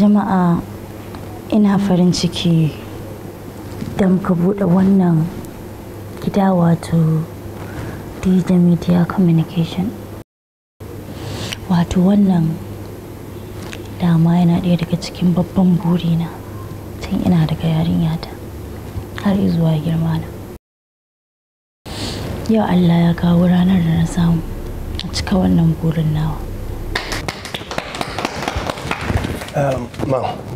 jama'a ina farin ciki da muka buɗe wannan gida wato dj media communication wato wannan dama yana ɗaya daga cikin babban burina tun ina daga yarinyata har zuwa izuwa girmana yau allah ya kawo ranar da na samu a cika wannan burin nawa Um,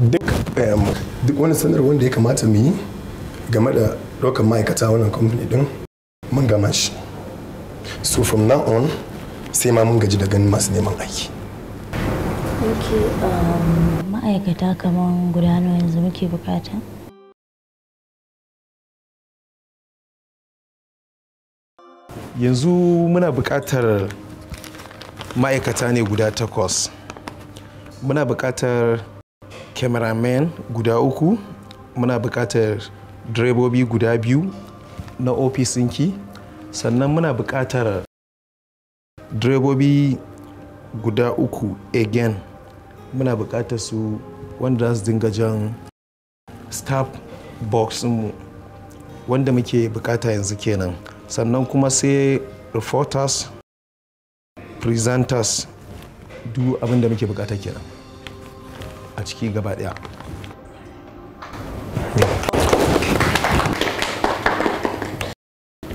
duk um, duk wani sanar wanda ya kamata mu yi game da ɗaukar ma'aikata wannan kamfani din mun gama shi so from now on sai ma mun gaji da ganin masu neman aiki um, ma'aikata kamar guda yanzu muke bukata yanzu muna bukatar ma'aikata ne guda takwas muna bukatar cameraman guda uku muna bukatar direbobi guda biyu na ofisinki sannan muna bukatar direbobi guda uku again muna buƙatar su wanda za su dinga jan staff box mu wanda muke bukata yanzu kenan sannan kuma sai reporters presenters duk abin da muke buƙata kenan a ciki gaba daya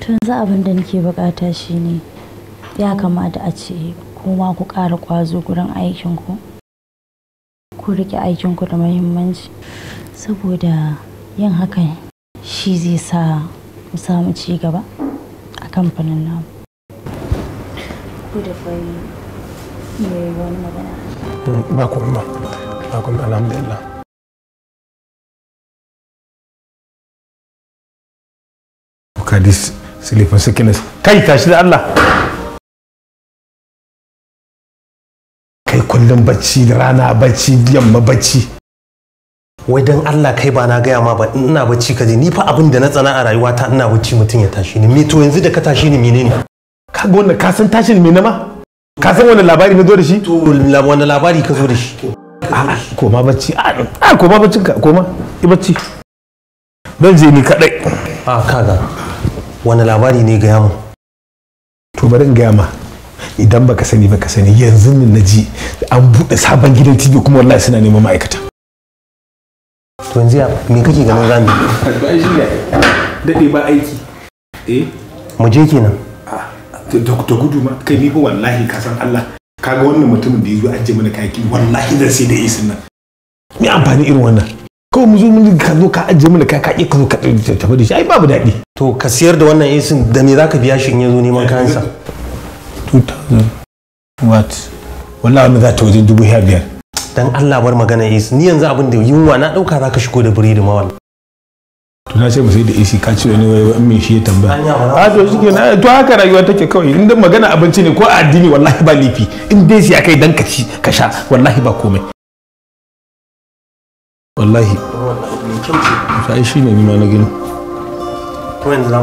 tun za abin da nake bukata shine ya kamata a ce kuma ku ƙara ƙwazo gurin aikinku ku rike aikinku da muhimmanci saboda yin hakan shi zai sa mu samu ci gaba a kamfanin namu ku da fari mai wani magana mm, ba kuma akwai alhamdulillah ka di silifin sickness kai tashi da Allah kai kullum bacci da rana bacci yamma bacci wai dan Allah kai ba na gaya ma ba ina bacci kaje ni fa abin da na tsana a rayuwata ina bacci mutum ya tashi ni me to yanzu da ka tashi ni menene ka ga wannan ka san tashi ni na ma ka san wannan labari na zo da shi to wannan labari ka zo da shi koma bacci a koma baccin ka koma i bacci zan je ni kadai a kaga wani labari ne gaya mu to bari in gaya ma idan baka sani baka sani yanzu nan na ji an buɗe sabon gidan tv kuma wallahi suna neman ma'aikata to yanzu ya me kake ganin zamu ba shi ne dade ba aiki eh mu je kenan to gudu ma kai ni fa wallahi ka san Allah kaga wannan mutumin da ya zo ajiye mana kaki wallahi zan sai da isin nan me amfani irin wannan kawai mu zo mun ka zo ka ajiye mana kai ka zo ka tafi da shi ai babu daɗi to ka siyar da wannan isin da me zaka biya shi in yazo neman kayansa 2000 what wallahi wannan za ta wajen dubu biyar dan Allah bar magana isin ni yanzu abin da yunwa na ɗauka za ka shigo da biredi ma to na ce ba sai da AC ka cire ne wai mai shi ya tambaya a ah, to shike na eh, to haka rayuwa take kawai inda magana abinci ne ko addini wallahi ba lifi in dai sai kai dan ka ci ka sha wallahi ba komai wallahi sai shi ne ma na gani to yanzu za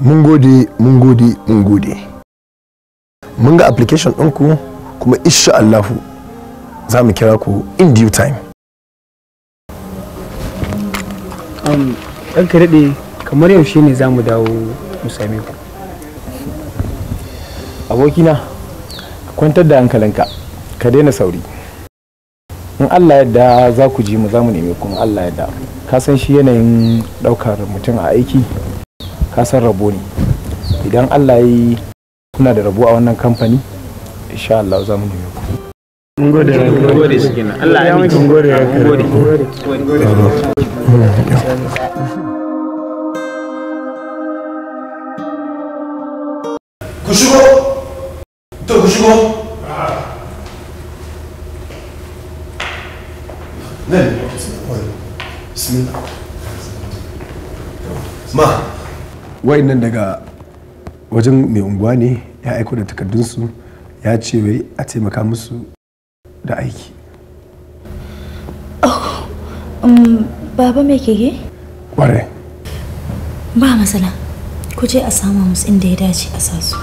mun gode mun gode mun gode mun ga application ɗinku kuma insha Allahu za mu kira ku in due time ɗan ka daɗe kamar yaushe ne za mu dawo mu same ku abokina kwantar da hankalinka ka daina sauri in allah yadda za ku ji mu za mu neme kuma allah yadda ka san shi yanayin ɗaukar mutum a aiki ka san rabo ne idan allah yi kuna da rabo a wannan kamfani insha allah za mu neme ku mun gode mun gode shi kenan Allah ya amince mun gode mun gode mun gode ku shigo to ku shigo nan bismillah ma nan daga wajen mai unguwa ne ya aiko da takardunsu ya ce wai a taimaka musu da aiki oh, um, baba mai kege? Ware. ba masala ku je a samu musu inda ya dace a sasu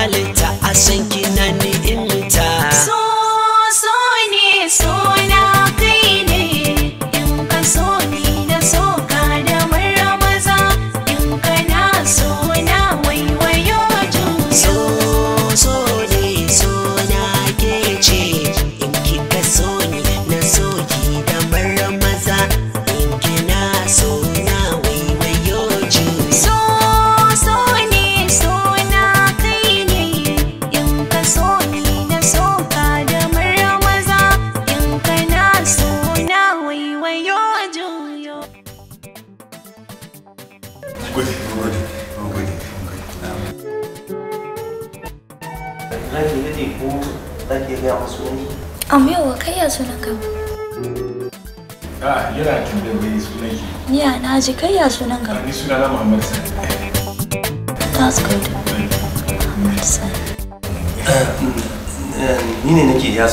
halinta a san ne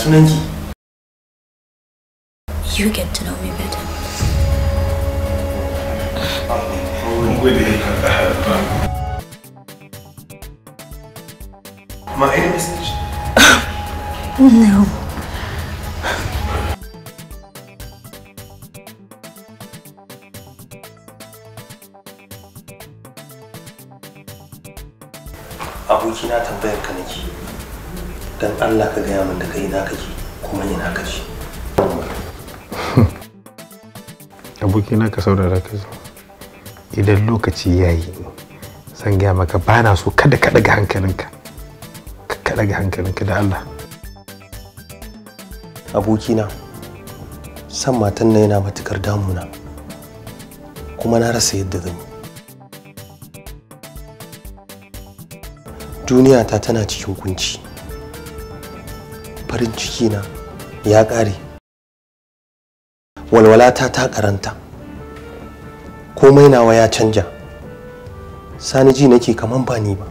无人机。ana so kada ka daga hankalinka ka daga hankalinka da Allah abokina san matan na yana matukar damuna kuma na rasa yadda zan duniya ta tana cikin kunci farin ciki na ya ƙare walwalata ta karanta komai nawa ya canja sani ji nake kaman ba ni ba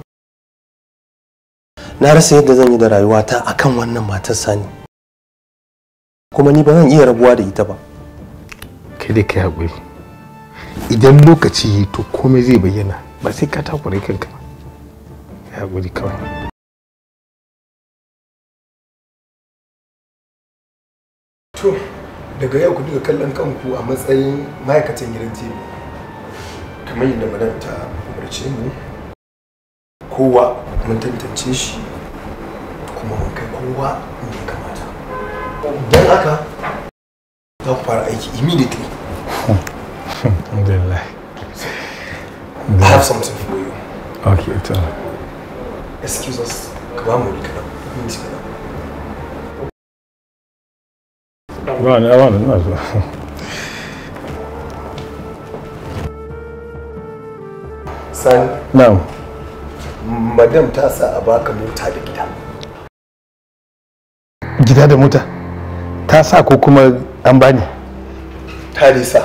na rasa yadda zan yi da rayuwata akan wannan matar sani kuma ni ba zan iya rabuwa da ita ba kai da kai haƙuri idan lokaci to komai zai bayyana ba sai ka takure kanka ba haƙuri kawai To, daga yau ku duka kallon kanku a matsayin ma'aikatan gidan TV. Kamar yadda madan ta gayyace mu kowa mun tantance shi kuma mun kai kowa inda ya kamata don haka za ku fara aiki immediately alhamdulillah I have something for you. Okay, tell Excuse us. Come ba we can. ba on, I ne to know. sani na'am madam ta sa a baka mota da gida gida da mota ta sa ko kuma an bani ta sa.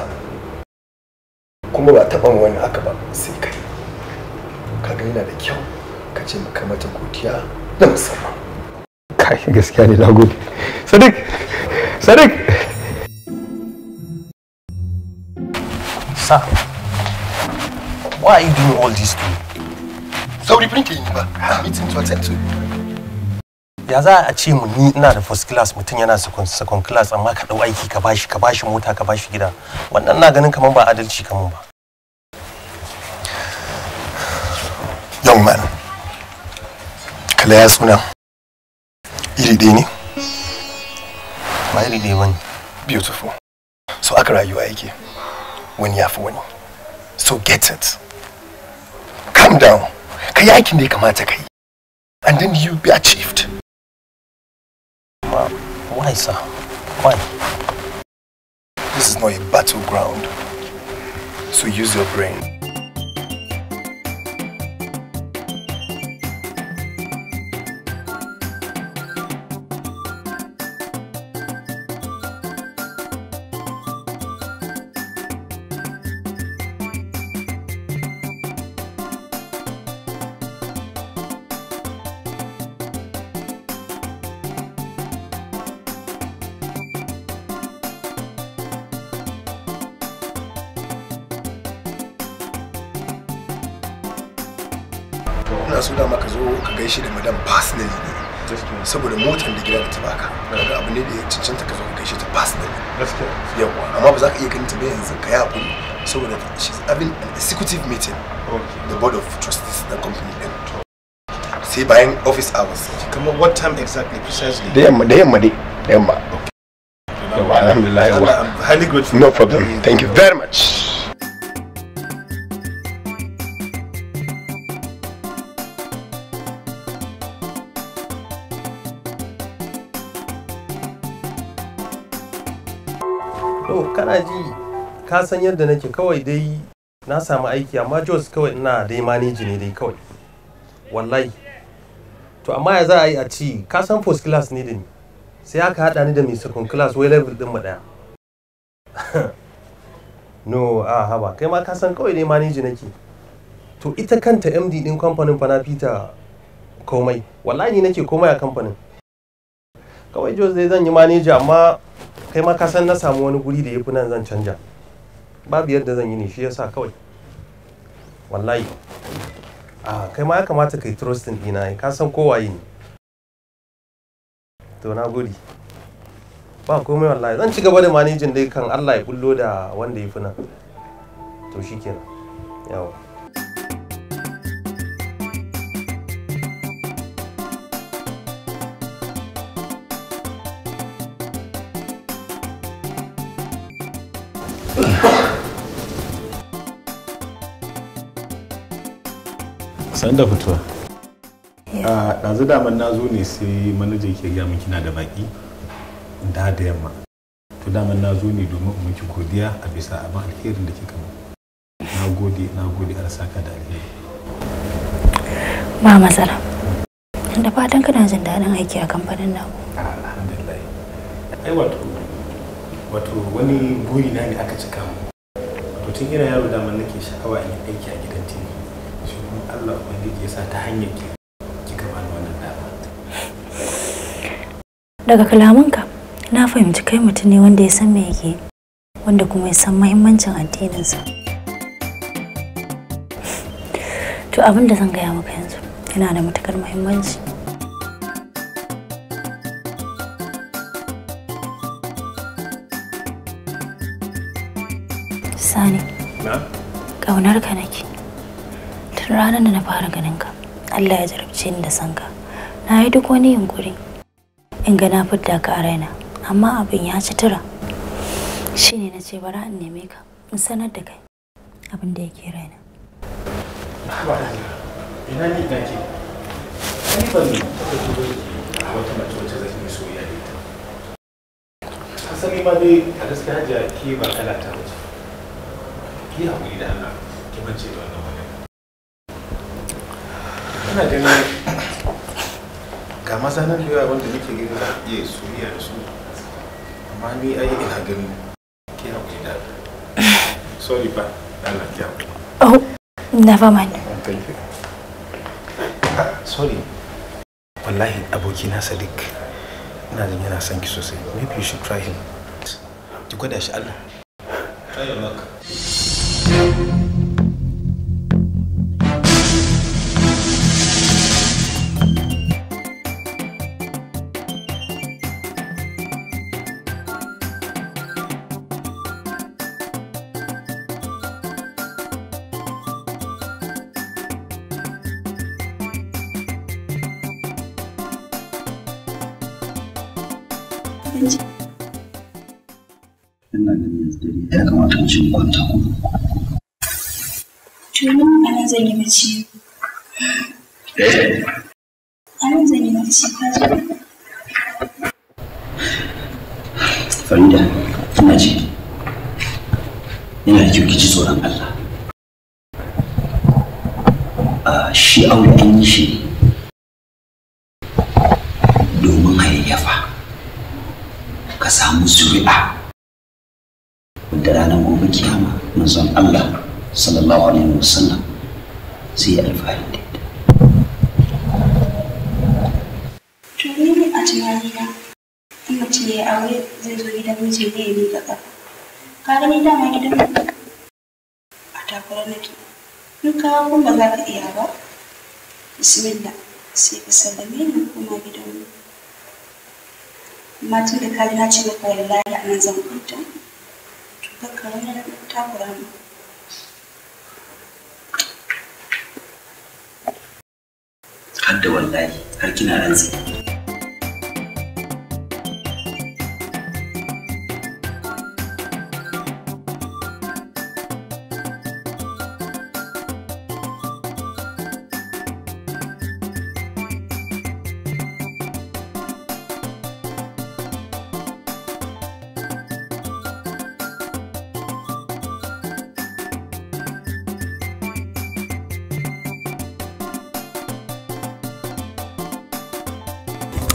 kuma ba taɓa wani haka ba sai kai kaga yana da kyau ka ce maka mata godiya da musamman kai gaskiya ne na gode sadiq sadiq sa Why are you doing all this to me? So Sauri printing ne ba. Meeting to attend to. Ya za a ce mu ni ina da first class mutum yana second second class amma ka dau aiki ka bashi ka bashi mota ka bashi gida. Wannan na ganin kaman ba adalci kaman ba. Young man. Kala ya suna. Iri ɗaya ne? Ba iri ɗaya ba Beautiful. So aka rayuwa yake. Wani ya fi wani. So get it. calm down ka yi aikin da ya kamata ka and then you be achieved Ma, why sir why this is not a battleground so use your brain saboda motar da gida da ta baka kaga abu ne da ya cancanta ka zo ka gaishe ta pass din gaskiya yawa amma ba za ka iya ganin ta ba yanzu ka ya kuri saboda she's having an executive meeting okay. the board of trustees na company din sai bayan office hours kamar what time exactly precisely da yamma da yamma dai da yamma okay alhamdulillah i'm highly grateful no problem thank you very much to kana ji ka san yadda nake kawai dai na samu aiki amma jos kawai ina dai maneji ne dai kawai wallahi to amma ya za a yi a ci ka san first class ne da ni sai aka haɗa ni da mai second class wai level ɗin mu ɗaya no a haba kai ma ka san kawai dai maneji nake to ita kanta md ɗin kamfanin fa na fita komai wallahi nake komai a kamfanin kawai jos dai zan yi maneji amma kai ma kasan na samu wani guri da ya fi nan zan canja babu yadda zan yi ne shi ya sa kawai wallahi a kai ma ya kamata kai trustin dina ka san kowaye ne to na gudi. ba komai wallahi zan ci gaba da manejin dai kan Allah ya bullo da wanda ya fi nan to shikenan yawa san da fitowa a ɗazu daman na zo ne sai manajan ke gaya min kina da baki da da yamma to daman na zo ne domin in miki godiya a bisa abin alherin da kika na gode na gode a saka da alheri ba matsala da fatan kana jin daɗin aiki a kamfanin na alhamdulillah ai wato wato wani buri na ne aka cika mu to tun ina yaro daman nake sha'awa in aiki a gidan tv Allah ubangiji ya sa ta hanyar ki kika wannan dama daga kalamanka na fahimci kai mutum ne wanda ya san me yake wanda kuma ya san mahimmancin addininsa to abin da zan gaya maka yanzu yana da matukar muhimmanci sani ƙaunar ka nake ranar da na fara ganin ka allah ya jarabce ni da sanka na yi duk wani yunkuri in ga na fidda ka a raina amma abin ya ci tura shine na ce bara in neme ka in sanar da kai abin da yake raina ina ni ina ke ni ban taɓa dubo wata mace asali ma dai a gaskiya hajiya ke ba kala ta wace ki haƙuri da Allah ki bance da wannan ina ganin ga maza nan da yawa wanda nake ganin za a iya soyayya da su amma ni ai ina gani ke na hakuri da sorry ba Allah ya oh never mind thank you sorry wallahi aboki na sadiq ina jin yana son ki sosai maybe you should try him ki gwada shi Allah try your luck Thank you. kwanta ku. Tunin a nan zan A eh? ina da kyau tsoron Allah. Ah, shi aure shi kiyama manzon Allah sallallahu alaihi wasallam sai alfahari da ita to ni a tunanina in mace ya aure zai zo gidan miji ne ya miƙa ƙafa ka gani dama gidan a takura nake in ka kun ba za ka iya ba bismillah sai ka sallame ni kuma gidan Matu da ka na ce maka wallahi a nan zan kwanta karamin takura har da wallahi har kina rantsi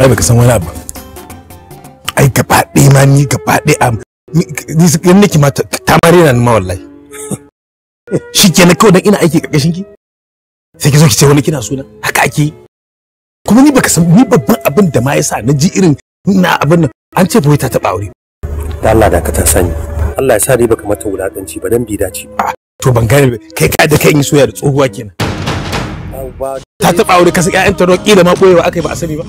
ba baka san wani abu ai gaba ɗaya ma ni gaba ɗaya ni su kan nake ma ta mare na ma wallahi shi ke na kawai dan ina aiki ƙarƙashin ki sai ki zo ki ce wani kina suna haka ake yi kuma ni baka san ni babban abin da ma yasa na ji irin na abin nan an ce bai ta taɓa aure da Allah da ka ta sani Allah ya sa dai baka mata wulaƙanci ba dan bi dace to ban gane kai ka da kai in soya da tsohuwa kenan ta taɓa aure kasa ƴaƴanta roƙi da ma ɓoyewa aka yi ba a sani ba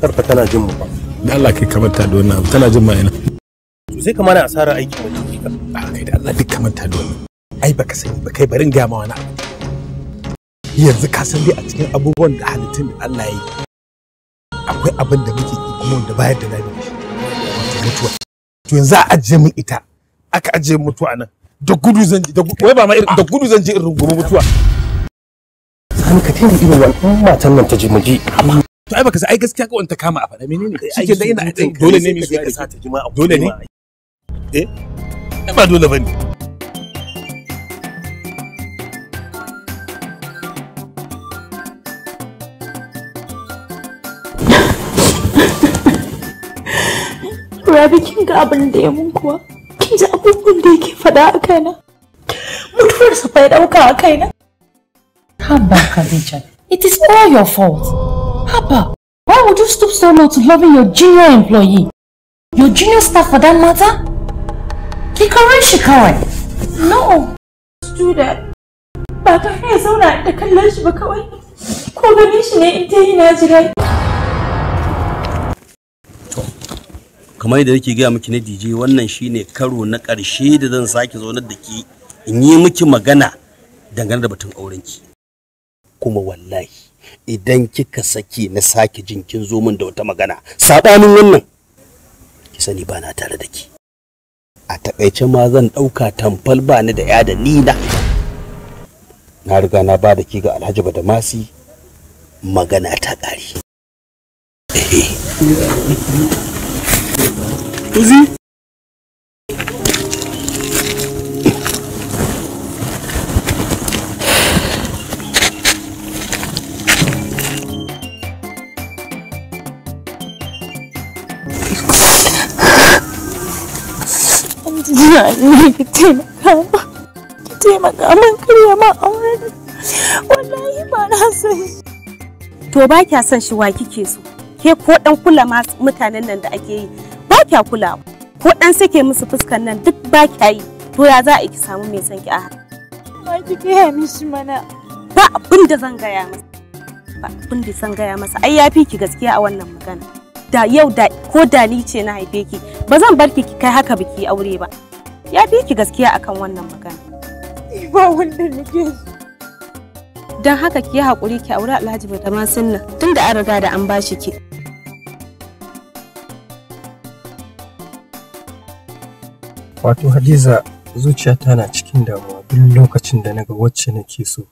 karfa tana jin mu ba da Allah kai kamata da wannan tana jin ma ina to sai kamar asara aiki ba a kai da Allah duk kamata da wannan ai baka sani ba kai barin ga ma wani yanzu ka san dai a cikin abubuwan da halittun da Allah ya yi akwai abin da muke ki kuma da bayar da zabi shi mutuwa to yanzu a ajiye min ita aka ajiye mutuwa nan da gudu zan da wai ba ma da gudu zan je irin rungume mutuwa sani ka tana irin wannan matan nan ta ji mu ji amma to ai baka sai ai gaskiya ka wanta kama a faɗa menene shike da ina ajin dole ne mu ka sa ta jima'a dole ne eh ba dole bane Rabi kin ga abin da ya mun kuwa kin ji abubuwan da yake faɗa a kaina mutuwarsa bai ɗauka a kaina Haba Khadija, it is all your fault. Papa, why would you stoop so low to loving your junior employee? Your junior staff for that matter? Kikarin kawai. No. Do that. Ba I ya zauna da kallon shi ba kawai. Ko gani shi ne in ta na jira. kamar yadda nake gaya miki na DJ wannan shine karo na ƙarshe da zan sake zaunar da ki in yi miki magana dangane da batun aurenki kuma wallahi idan kika saki na sake jin kin zo min da wata magana sabanin wannan ki sani ba na tare da ki a takaice ma zan ɗauka tamfal ba ni da ya da ni na na riga na ba da ki ga alhaji badamasi magana ta ƙare. Uzi? wallahi ki taimaka ma ki taimaka min karya ma auren wallahi ba na sani to ba kya son shi wa kike so ke ko dan kula ma mutanen nan da ake yi ba kya kula ko dan sake musu fuskan nan duk ba kya yi to ya za a ki samu mai son ki a ba ki gaya mishi mana ba abin da zan gaya masa ba abin da zan gaya masa ai ya fi ki gaskiya a wannan magana da yau da ko da ni ce na haife ki ba zan bar ki kai haka biki aure ba ya fi ki gaskiya akan wannan magana. Ba wanda nake. Don haka ki yi haƙuri ki aure Alhaji Bata masin sunna tunda an riga da an bashi ki. Wato Hadiza zuciyata na cikin damuwa duk lokacin da naga wacce nake so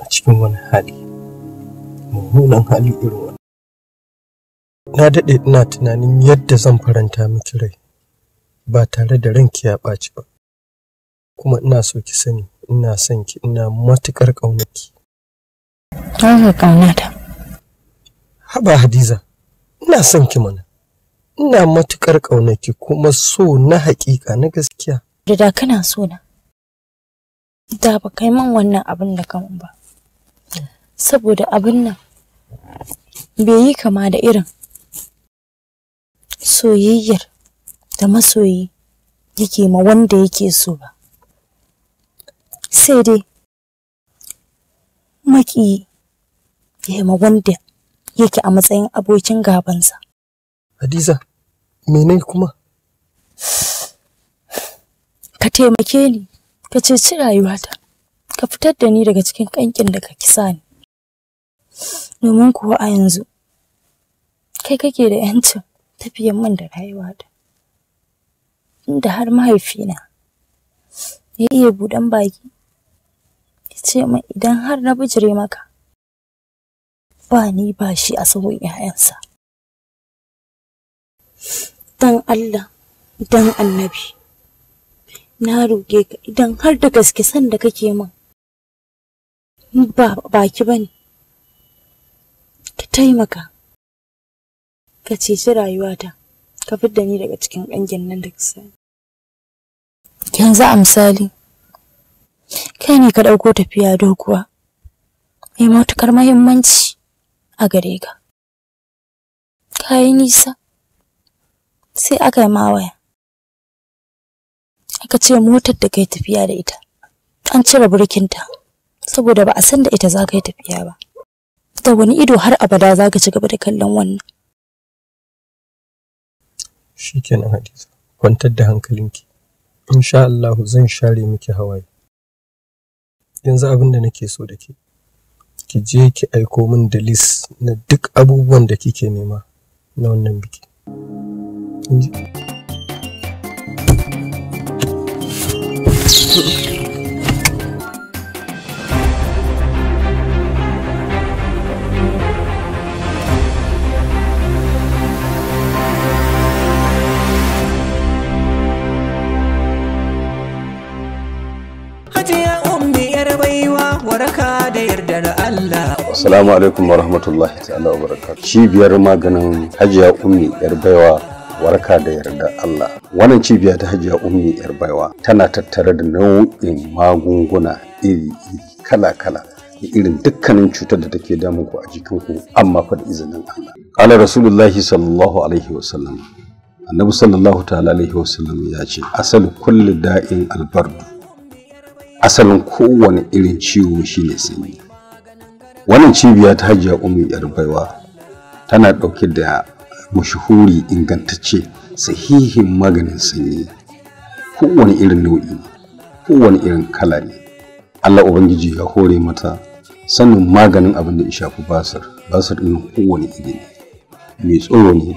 a cikin wani hali. Mummunan hali irin wani. Na daɗe ina tunanin yadda zan faranta miki rai. ba tare da ranki ya ɓaci ba. Kuma ina so ki sani ina son ki ina matuƙar ƙaunarki. Ƙaunar ta. Haba Hadiza, ina son ki mana. Ina matuƙar ƙaunarki kuma so na haƙiƙa na gaskiya. Da kana so na. Da ba kai man wannan abin da kan ba. Saboda abin nan bai yi kama da irin soyayyar da masoyi yake ma wanda yake so ba sai dai maki ya ma wanda yake a matsayin abokin gabansa hadiza menene kuma ka taimake ni ka ceci rayuwata ka fitar da ni daga cikin kankin da ka kisa ni domin kuwa a yanzu kai kake da yancin tafiyan min da rayuwata inda har mahaifina ya iya buɗan baki ya ce min idan har na bijire maka ba ni ba shi a sahun 'ya'yansa dan Allah dan annabi na roge ka idan har da gaske san da kake min ba baki bane ka taimaka ka ceci rayuwata ka fidda ni daga cikin ƙangin nan da kisa. Yanzu a misali, kai ne ka ɗauko tafiya dokuwa? mai matuƙar mahimmanci a gare ka. Ka yi nisa, sai aka yi mawaya. Aka ce motar da kai tafiya da ita, an cire burkinta, saboda ba a san da ita za ka yi tafiya ba. Da wani ido har abada za ka ci gaba da kallon wannan. shikenan hadiza kwantar da hankalinki insha Allah zan share miki hawaye yanzu abin da nake so da ke ki je ki aiko min da list na duk abubuwan da kike nema na wannan biki Thank na Allah. Assalamu alaikum wa rahmatullahi ta'ala wa barakatuh. Cibiyar maganin Hajiya Ummi yar baiwa warka da yarda Allah. Wannan cibiya ta Hajiya Ummi yar baiwa tana tattare da nau'in magunguna iri-iri kala-kala da irin dukkanin cutar da take damun ku a jikin ku, amma fa izinin Allah. Kala Rasulullahi sallallahu alaihi wa sallam. Annabi sallallahu ta'ala alaihi wa sallam ya ce asal kulli da'in albardu asalin kowane irin ciwo shine sanyi wannan cibiya ta hajiya umar yar baiwa tana ɗauke da mashuhuri ingantacce sahihin maganin sanyi kowane irin nau'i kowane irin kala ne allah ubangiji ya hore mata sanin maganin abin da ya shafi basar basar ɗin kowane iri ne mai tsoro ne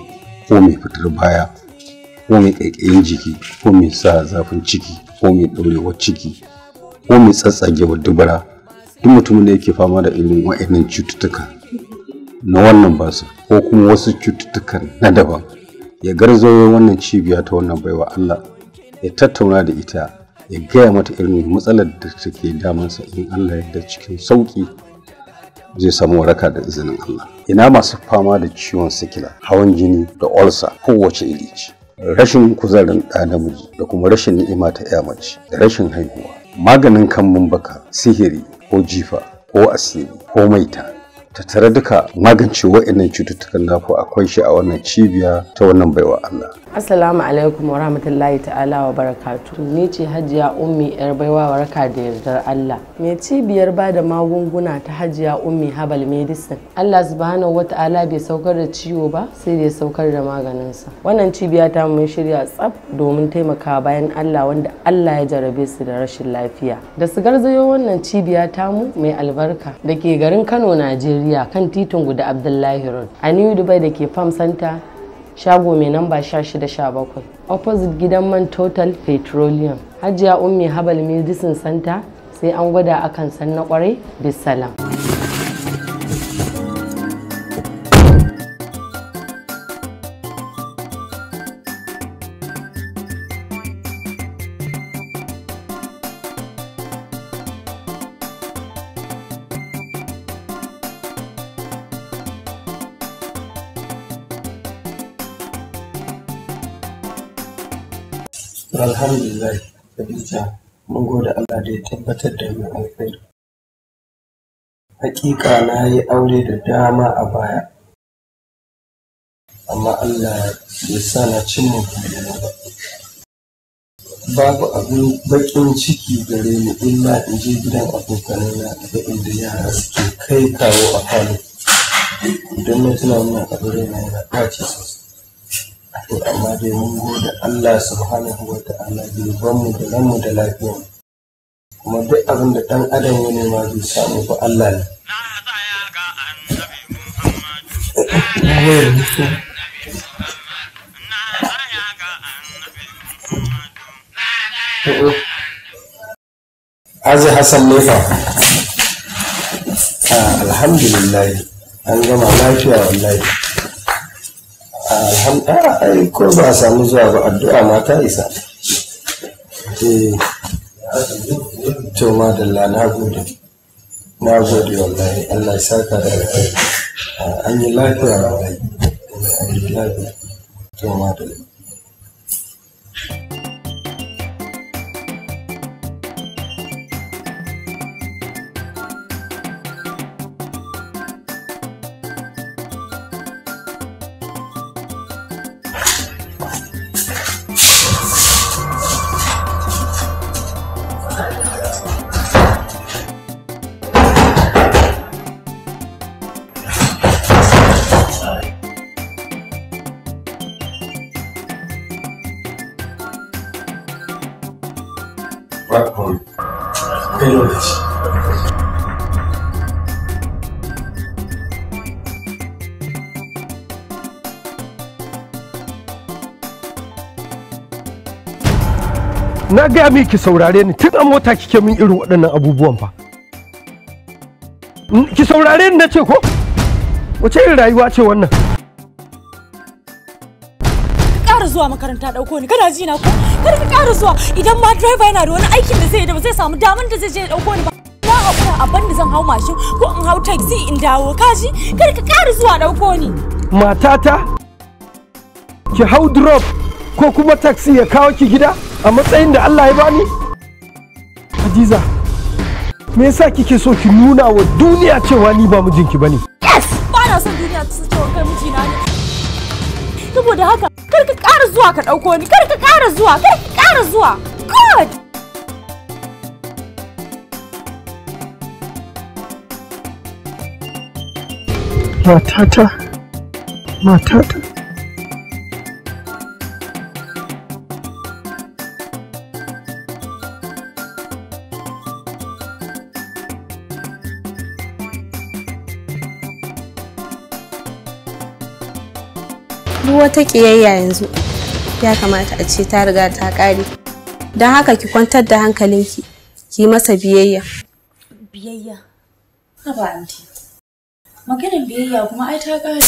ko mai fitar baya ko mai ƙaiƙayin jiki ko mai sa zafin ciki ko mai ɗaurewar ciki ko mai tsatsagewar dubara duk mutumin da yake fama da irin wa'annan cututtuka na wannan basa ko kuma wasu cututtukan na daban ya garzo wannan cibiya ta wannan baiwa Allah ya tattauna da ita ya gaya mata irin matsalar da take damansa in Allah yadda cikin sauki zai samu waraka da izinin Allah ina masu fama da ciwon sikila hawan jini da olsa kowace iri ce rashin kuzarin ɗa namiji da kuma rashin ni'ima ta ya mace da rashin haihuwa maganin kan baka sihiri ko jifa ko asiri ko maita Ta tare duka magance wa'annan cututtukan naku akwai shi a wannan cibiya ta wannan baiwa Allah. Assalamu alaikum wa rahmatullahi ta'ala wa barakatu. Ni ce Hajiya Ummi yar baiwa waraka da yardar Allah. Me cibiyar ba da magunguna ta Hajiya Ummi Habal Medicine. Allah subhanahu wata'ala bai saukar da ciwo ba sai da ya saukar da maganin sa. Wannan cibiya ta mun shirya tsaf domin taimaka bayan Allah wanda Allah ya jarabe su da rashin lafiya. Da su garzayo wannan cibiya ta mu mai albarka da ke garin Kano, Najeriya. Najeriya kan titin guda Abdullahi Road a New Dubai da ke Farm Center shago mai namba 1617 opposite gidan man Total Petroleum Hajiya Ummi Habal Medicine Center sai an gwada akan san na kwarai bisalam. Alhamdulillah, Khadija, mun gode Allah da ya tabbatar da mu alkhairi. Hakika na yi aure da dama a baya, amma Allah ya sa na cimma burina ba. Babu abin baƙin ciki gare ni illa in je gidan abokanana da inda yara suke kai kawo a hannu. Idan na tuna muna ƙabarin na yana ɓaci sosai. to amma dai mun gode Allah subhanahu wa ta'ala bai ban mu da ranmu da lafiyar kuma duk abin da dan adam ya nema bai samu ba Allah ne Azi Hassan Nefa. Ah, alhamdulillah, an gama lafiya wallahi. alhamdulillah ko ba a samu zuwa ba addu'a ma ta isa eh, to madalla na gode na gode wallahi allah ya saka da ah, an yi lafiya wallahi an yi lafiya to madalla gaya min ki saurare ni tun a mota kike min irin waɗannan abubuwan fa mm, ki saurare ni nace ko wace irin rayuwa ce wannan ƙara zuwa makaranta ɗauko ni kana ji na ko kar ka ƙara zuwa idan ma driver yana da wani aikin da zai yi da ba zai samu damar da zai je ɗauko ni ba na haƙura abin da zan hau mashin ko in hau taxi in dawo kaji kar ka ƙara zuwa ɗauko ni matata ki hau drop ko kuma taxi ya kawo ki gida a matsayin da Allah ya bani Hadiza me yasa kike so ki nuna wa duniya cewa ni ba mijinki bane yes ba na son duniya ta san cewa kai mijina ne saboda haka kar ka ƙara zuwa ka ɗauko ni kar ka ƙara zuwa kar ka ƙara zuwa god matata matata wata kiyayya yanzu ya kamata a ce ta riga ta kare don haka ki kwantar da hankalinki ki masa biyayya biyayya haba anti maganin biyayya kuma ai ta ƙare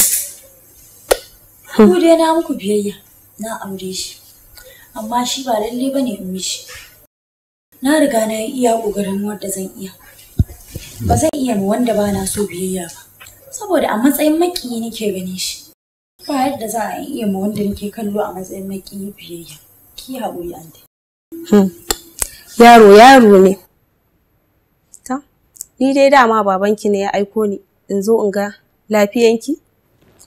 ku dai na muku biyayya na aure shi amma shi ba lalle bane in mishi na riga na yi iya kokarin wanda zan iya ba zan iya mu wanda ba na so biyayya ba saboda a matsayin makiyi nake gani shi Ba yadda za a iya ma wanda nake kallo a matsayin maki biyayya. Ki haƙuri anti. Hmm. Yaro yaro ne. Ta, ni dai dama babanki ne ya aiko ni in zo in ga lafiyanki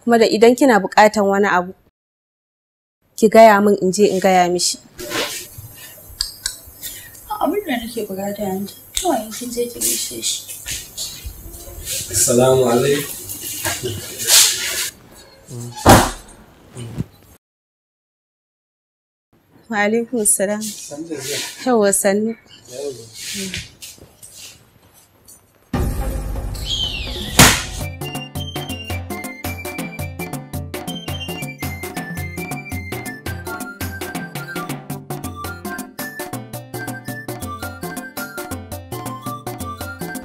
kuma da idan kina buƙatan wani abu ki gaya min in je in gaya mishi. Abin da nake buƙata yanzu kawai in kin je ki gaishe shi. Assalamu alaikum. Wa'alaikun salam. Yawwa sannu.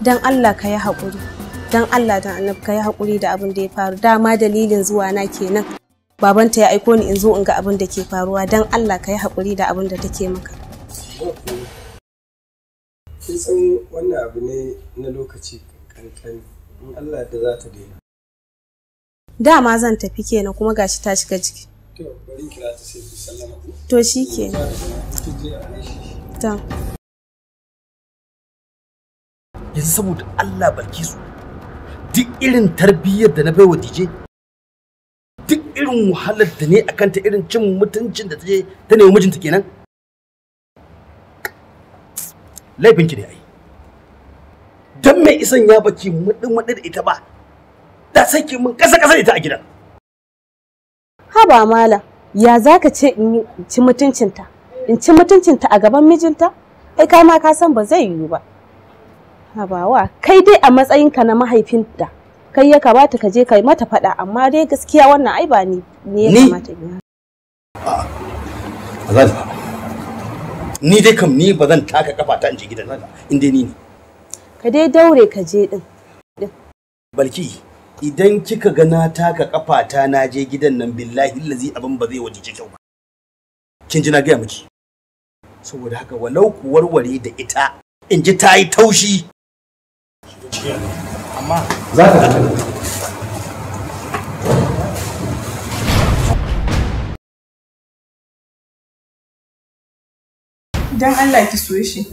Don Allah ka yi haƙuri. dan Allah dan annabi kai hakuri da abin da ya faru dama dalilin zuwa na kenan babanta ya aiko ni in zo in ga abin da ke faruwa dan Allah kai hakuri da abin da take maka kin san wannan abu ne na lokaci kankan in Allah da za ta daina dama zan tafi kenan kuma gashi ta shiga ciki to bari kira ta sai ki sallama to ta yanzu saboda Allah barki su duk irin tarbiyyar da na bai wa dije duk irin wahalar da ne akan ta irin cin mutuncin da ta je ta nemi mijinta kenan ki ne ai don mai isan ya baki mudin da ita ba da sai ki mun kasa kasa ita a gidan haba mala ya zaka ce in ci mutuncinta in ci mutuncinta a gaban mijinta ai kai ma ka san ba zai yiwu ba habawa kai dai a matsayinka na mahaifinta kai ya kamata ka je kai mata faɗa amma dai gaskiya wannan ai ba ni ne ya kamata ni ni dai kam ni ba zan taka kafa ta in je gidan nan in dai ni ne ka dai daure ka je din balki idan kika ga na taka kafa ta na je gidan nan billahi lazi abin ba zai waje kyau ba kin ji na gaya miki saboda haka walau ku warware da ita in ji ta yi taushi don Allah ki so shi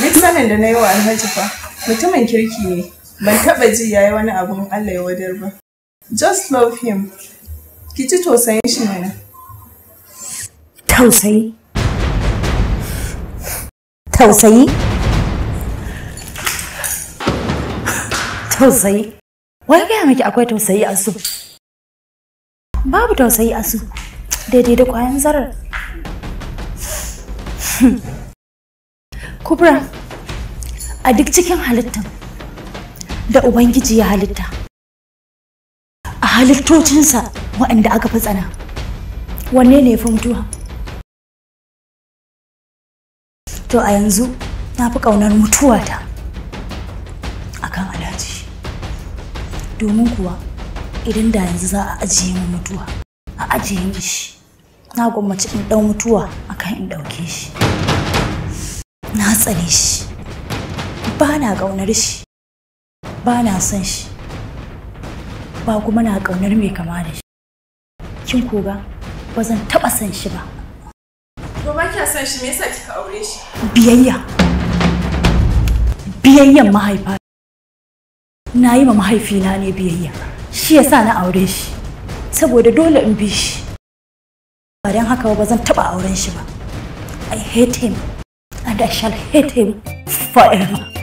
duk sanin da na yi wa alhaji fa mutumin kirki ne ban taɓa ji yi wani abin Allah ya wadar ba just love him ki ci tausayin shi mana tausayi tausayi tausayi wai gaya miki akwai tausayi a su babu tausayi a su daidai da kwayan zarar kubra a duk cikin halittar da ubangiji ya halitta a halittocinsa waɗanda aka fi tsana wanne ne fi mutuwa to a yanzu na fi ƙaunar mutuwata domin kuwa idan da yanzu za a ajiye mu mutuwa a ajiye mu shi na gwammaci in dau mutuwa akan in ɗauke shi na tsare shi ba na gaunar shi ba na son shi ba kuma na gaunar mai kama da shi kin koga ba zan taɓa son shi ba to ba kya son shi me yasa kika aure shi biyayya biyayyan mahaifa na yi ma mahaifina ne biyayya shi yasa na aure shi saboda dole in bi shi ba don haka ba zan taɓa auren shi ba i hate him and i shall hate him forever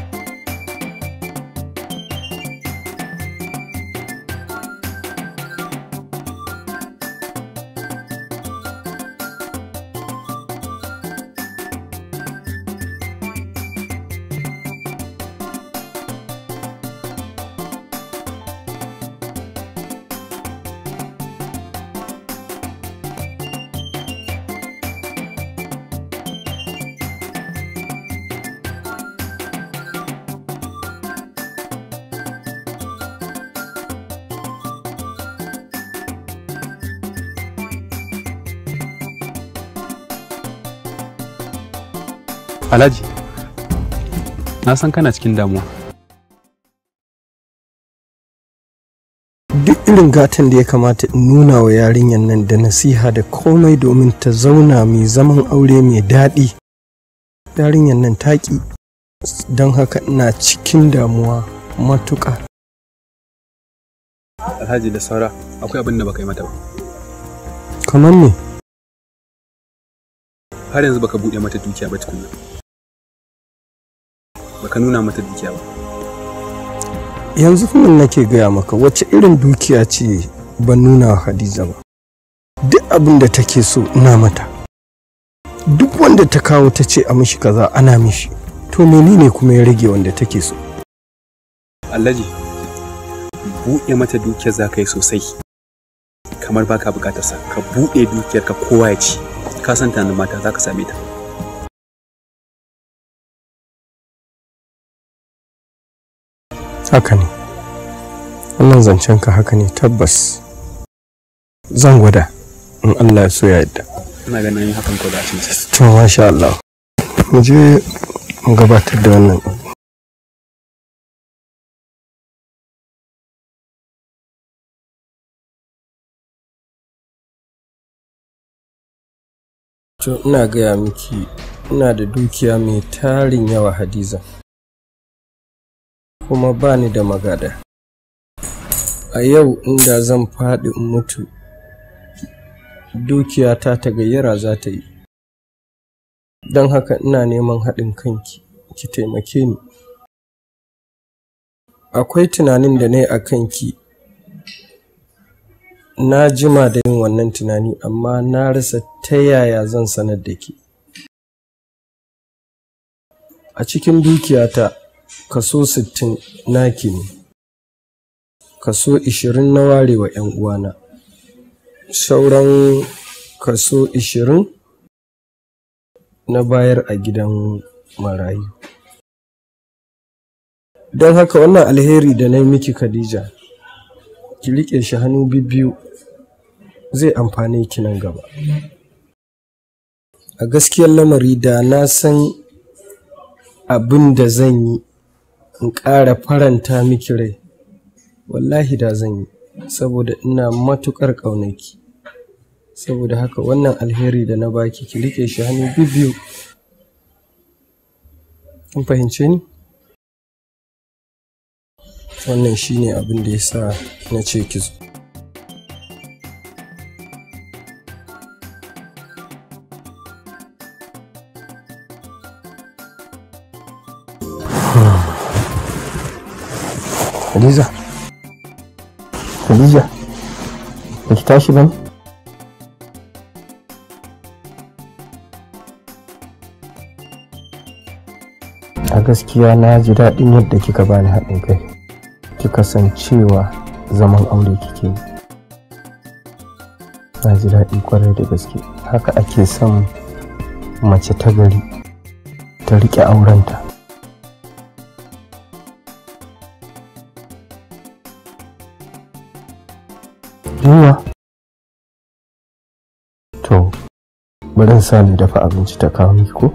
Alhaji, na san kana cikin damuwa. Duk irin gatan da ya kamata in nuna wa yarinyar nan da nasiha da komai domin ta zauna mai zaman aure mai daɗi. Yarinyar nan taƙi, don haka ina cikin damuwa matuƙa. Alhaji da Sara, akwai abin da baka yi mata ba. Kamar ne. Har yanzu baka buɗe mata dukiya ba tukunna. baka nuna mata dukiya ba yanzu kuma nake gaya maka wacce irin dukiya ce ban nuna wa Hadiza ba duk abin da take so ina mata duk wanda ta kawo ta ce a mishi kaza ana mishi to menene kuma ya rage wanda take so Alhaji buɗe mata dukiyar za ka yi sosai kamar baka bukatarsa ka buɗe dukiyar ka kowa ya ci ka san mata za ka same ta haka ne wannan zancen ka haka ne tabbas zan gwada in allah ya so ya yadda ina ganin hakan ko da shi to masha allah mu je mu gabatar da wannan to ina gaya miki ina da dukiya mai tarin yawa hadiza kuma ba ni da magada a yau inda zan faɗi in mutu dukiyata ta gayyara za ta yi don haka ina neman haɗin kanki ki taimake ni akwai tunanin da na yi a kanki na jima da yin wannan tunani amma na rasa ta yaya zan sanar da ke a cikin dukiyata kaso sittin naki ne kaso ishirin na ware wa 'yan uwana sauran kaso ishirin na bayar a gidan marayu don haka wannan alheri da na yi miki khadija ki riƙe shi hannu biyu zai amfani ki nan gaba a gaskiyar lamari da na san abin da zan yi in ƙara faranta miki rai wallahi da zan yi saboda ina matuƙar ƙaunaki saboda haka wannan alheri da na baki ki rike shi hannu biyu kun fahimce ni wannan shine abin da ya sa na ce ki zo Khadija Khadija ba ki tashi ba a gaskiya na ji daɗin yadda kika bani haɗin kai kika san cewa zaman aure kike yi na ji daɗi kwarai da gaske haka ake son mace ta gari ta riƙe aurenta bari sa ni dafa abinci ta kawo miki ko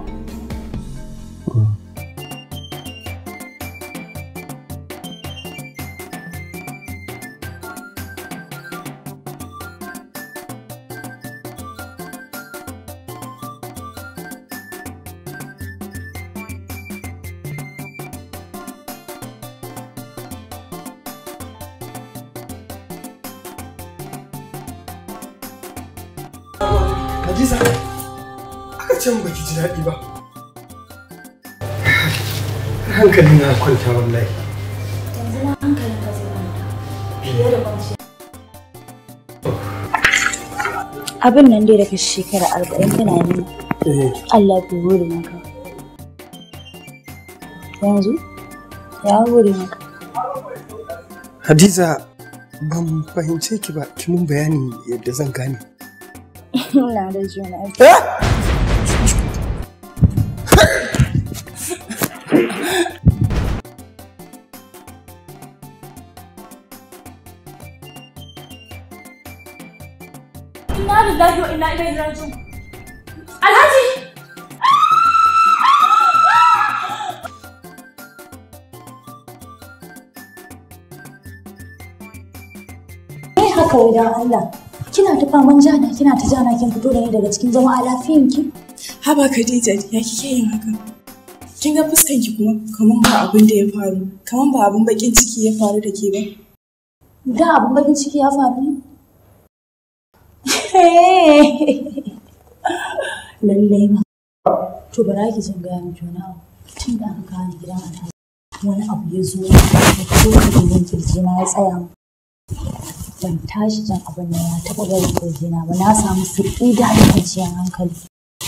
wanda ya daga shekara arba'in yana nema eh. Allah bai hore maka yanzu ya hore maka Hadiza ban fahimce ki ba ki mun bayani yadda zan gane na da juna eh? inna ilaihi raji'un alhaji me eh, haka idan Allah kina ta faman jana kina ta jana kin fito da ni daga cikin jama'a lafiyanki haba Khadija ya kike yin haka kin ga fuskan ki kuma kaman ba abin da ya faru kaman ba abin bakin ciki ya faru da ke ba da abin bakin ciki ya faru lallai ma to bara ki jin gaya mu wani tun da aka kawo gidan alhaji wani abu ya zo da ko gidan kirji na ya tsaya mu ban tashi jan abin da ya taɓa gari kirji na ba na samu sirri da kwanciyar hankali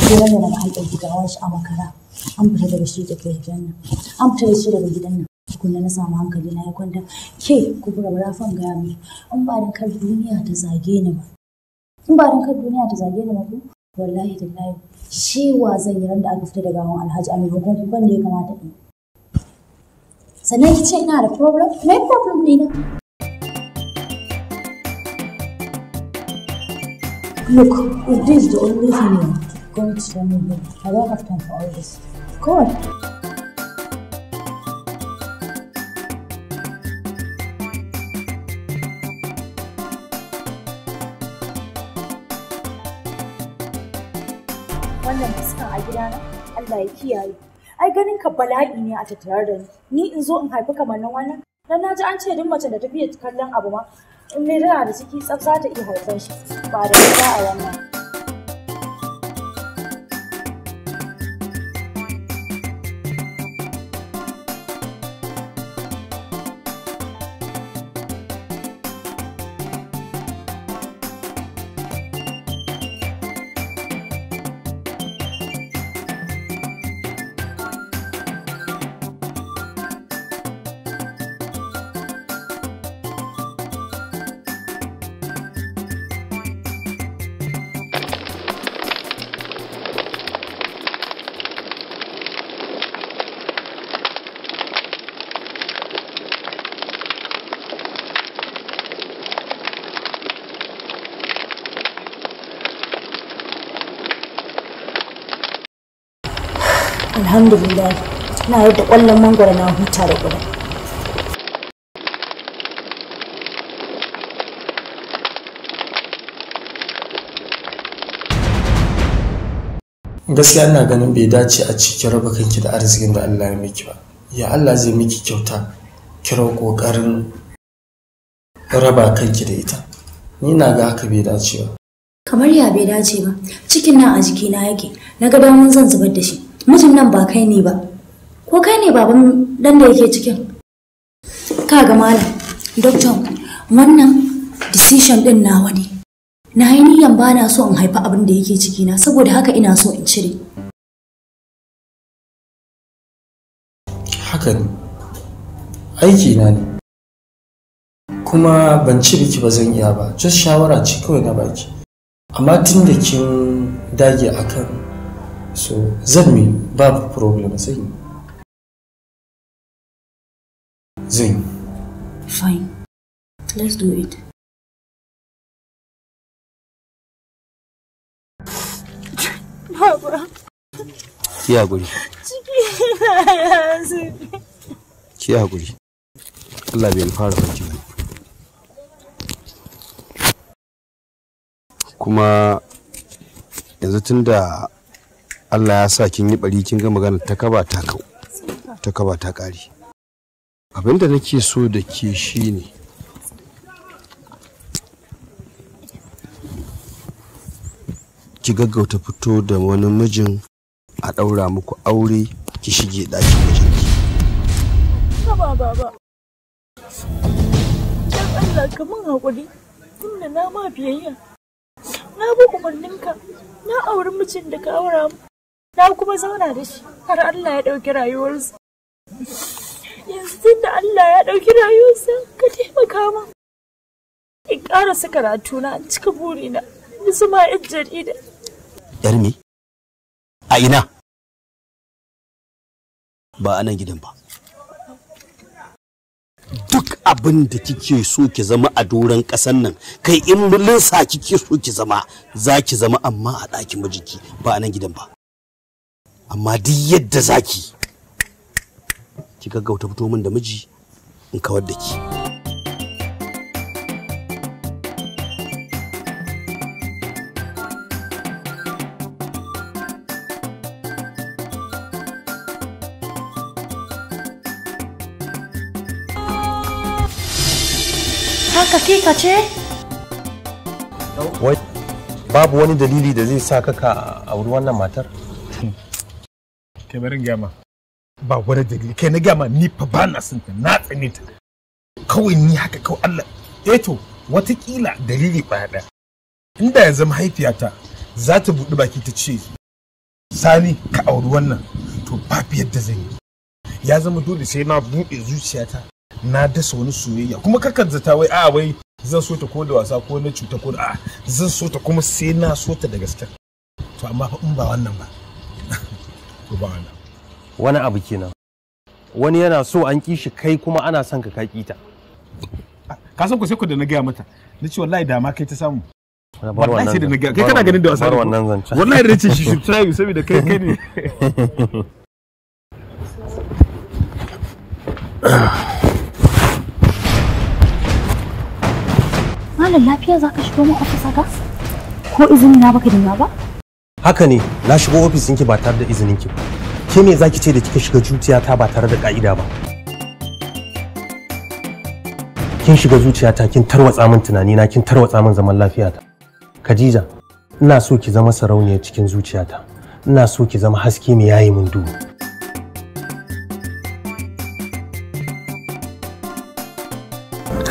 ko ranar na an ɗauki gawar shi a makara an fita daga shi daga gidan nan an fita da shi daga gidan nan tukunna na samu hankali na ya kwanta ke ku ba bara fan gaya ma an ba da kar duniya ta zage ni ba in ba don kar duniya ta zage da ku wallahi da shi wa zan yi ran da aka fita daga hawan alhaji amin hukun kukan da ya kamata in sannan ki ce ina da problem me problem ne na look if this is the only thing you're going to tell me then i don't have time for all this go on Allah ya kiyaye. Ai ganin ka bala'i ne a tattare da ni. Ni in zo in haifi kamar na wannan. Dan na ji an ce duk mace da ta fiye kallon abu ma in dai tana da ciki tsaf za ta iya haifan shi. Ba da a wannan. alhamdulillah na yadda kwallon mangoro na huta da gudu gaskiya ina ganin bai dace a cikin raba kanki da arzikin da Allah ya miki ba ya Allah zai miki kyauta kira kokarin raba kanki da ita ni na ga haka bai dace ba kamar ya bai dace ba cikin nan a jikina yake na ga damun zan zubar da shi mijin nan ba kai ne ba ko kai ne baban dan da yake cikin ka ga malam doctor wannan decision din nawa ne na yi niyan ba na so in haifi abin da yake cikina saboda haka ina so in cire haka ne aiki na ne kuma ban ci biki ba zan iya ba just shawara ce kawai na baki amma tun da kin dage akan so zan mi babu problem zan yi zan fine let's do it Baba. Ki haƙuri. Ciki na yanzu. Ki haƙuri. Allah bai fara farki ba. Kuma yanzu tun da Allah ya sa kin yi bari kin ga magana ta kaba ta kau ta kaba ta kare abinda nake so da ke shine ki gaggauta fito da wani mijin a daura muku aure ki shige ɗakin mijin Baba baba. Allah ka mun haƙuri tunda na ma biyayya. Na bi umarninka na auri mijin da ka aura mu. na kuma zauna da shi har Allah ya ɗauki rayuwarsa yanzu da Allah ya ɗauki rayuwarsa ka taimaka ma. in ƙarasa karatuna an cika burina da ma yan jarida yar me a ina ba a nan gidan ba duk abin da kike so ki zama a doron ƙasan nan kai in mulinsa kike so ki zama za ki zama amma a ɗakin majiki ba a nan gidan ba amma duk yadda zaki ki gaggauta fito min da miji in kawar da ki haka kika ce babu wani dalili da zai sa kaka a wannan matar kai gama ba wani dalili kai na gama ni fa ba na son na tsane ta kawai ni haka kawai Allah eh to watakila dalili ba ɗaya inda ya zama haifiyata za ta buɗi baki ta ce sani ka auri wannan to babu yadda zai yi ya zama dole sai na buɗe zuciyata na dasa wani soyayya kuma kakan zata wai a wai zan so ta ko da wasa ko na cuta ko da a zan so ta kuma sai na so ta da gaske to amma fa in ba wannan ba wani abu kenan wani yana so an ki shi kai kuma ana son ka kaki ta ka san ku sai ku da na gaya mata na ce wallahi da ma kai ta samu wallahi sai da na gaya kai kana ganin da wasa wannan zance wallahi da ce shi shi try you saboda kai kai ne Malam lafiya za ka shigo mu ofis ga? Ko izini na baka dinga ba? haka ne na shigo ofisin ki ba tare da izinin ki ke me zaki ce da kika shiga zuciyata ba tare da ka'ida ba kin shiga zuciyata kin tarwatsa min tunani na kin tarwatsa min zaman lafiyata Khadija ina so ki zama sarauniya cikin zuciyata ina so ki zama haske mai yayi mun duhu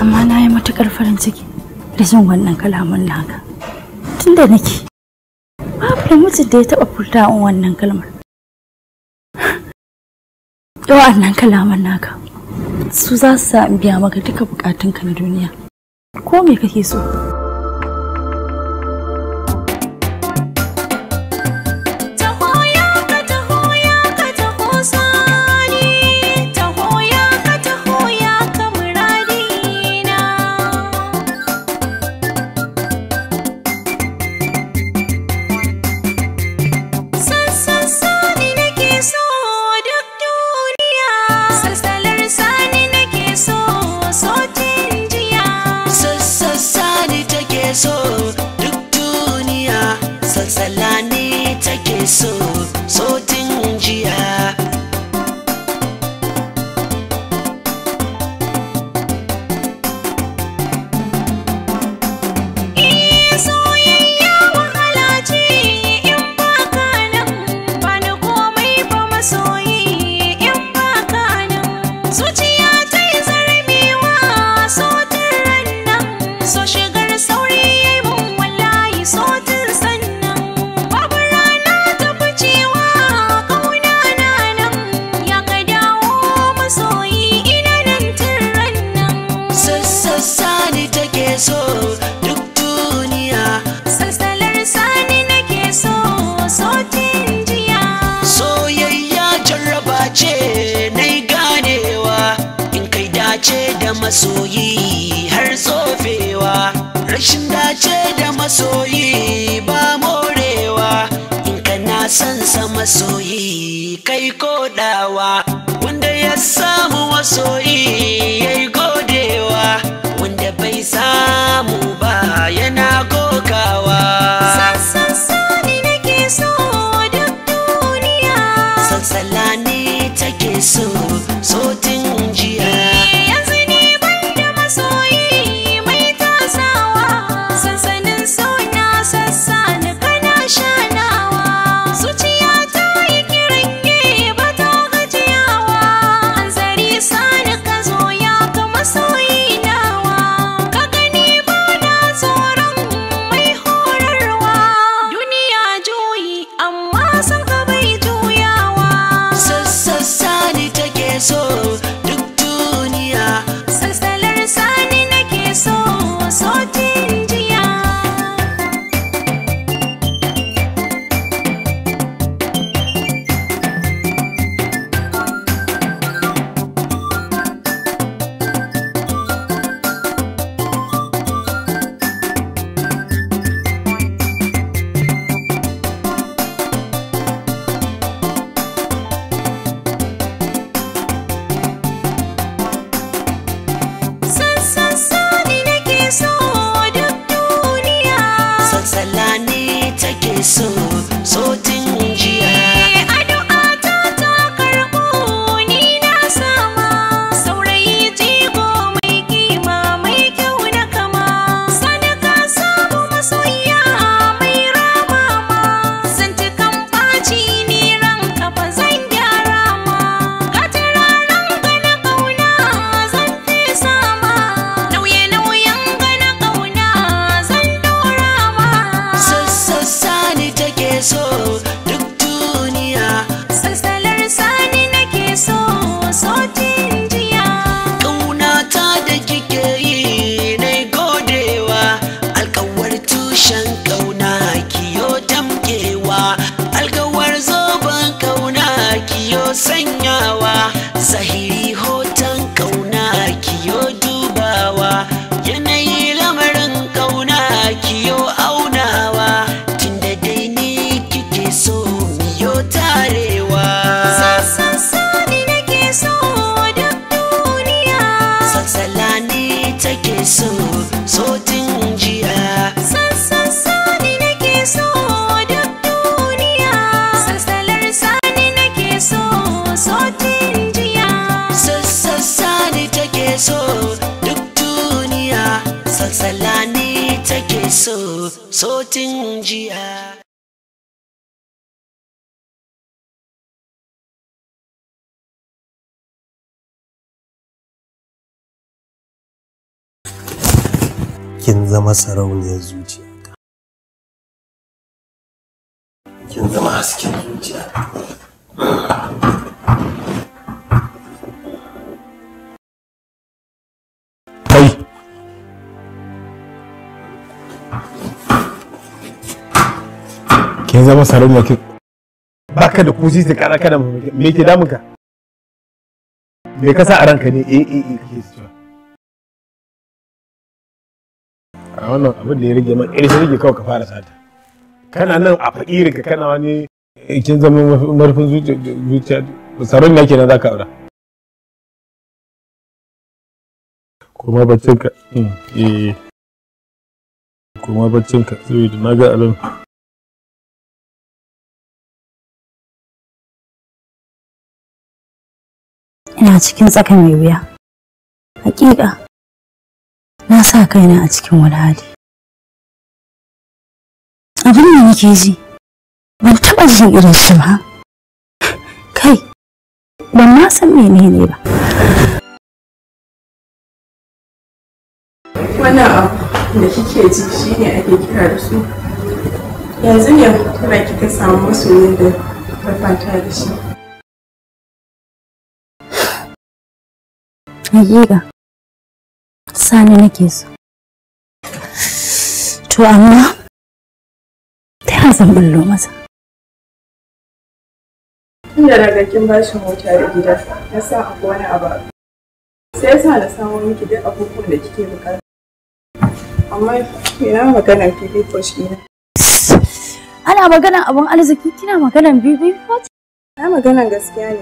amma na yi matukar farin ciki da jin wannan kalaman naka tunda nake namiji da ya taɓa furta a wannan kalmar yau kalaman naka su za su in biya maka duka bukatunka na duniya ko me kake so sotin jiya kin zama sarauniyar zuciya kin zama hasken zuciya kin zama salon yake baka da kusi ta kada kada me ke damun ka me ka sa a ranka ne eh eh eh kake cewa a wannan abin da ya rage man irin rage kawai ka fara sata kana nan a fakirin ka kana wani eh, kin zama marfin zuciya salon ne kenan zaka aura kuma baccin ka hmm, eh, eh, eh. kuma baccin ka saboda na ga alon cikin tsaka mai wuya hakika na sa kaina a cikin wani hali abin da nake ji ban taɓa jin irin shi ba kai ban ma san menene ba wannan abu da kike ji shine ake kira da su yanzu ne kuna kika samu masoyin da ta fata da shi hakika sani nake so to amma ta yana zan bullo masa inda daga kin bashin mota da gida na sa a wani abu sai sa na samun miki duk abubuwan da kike bukata amma ina magana bibi ko shi ne ana magana abun arziki kina maganan bibi ko na magana gaskiya ne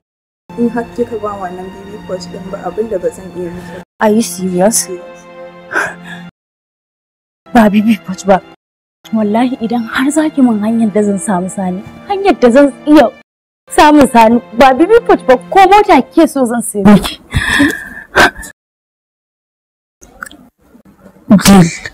in har kika ba wannan baby coach din ba abin da ba zan iya ba. are you serious ba baby coach ba wallahi idan har zaki min hanyar da zan samu sani hanyar da zan iya samun sani ba baby coach ba ko mota ke so zan sayi miki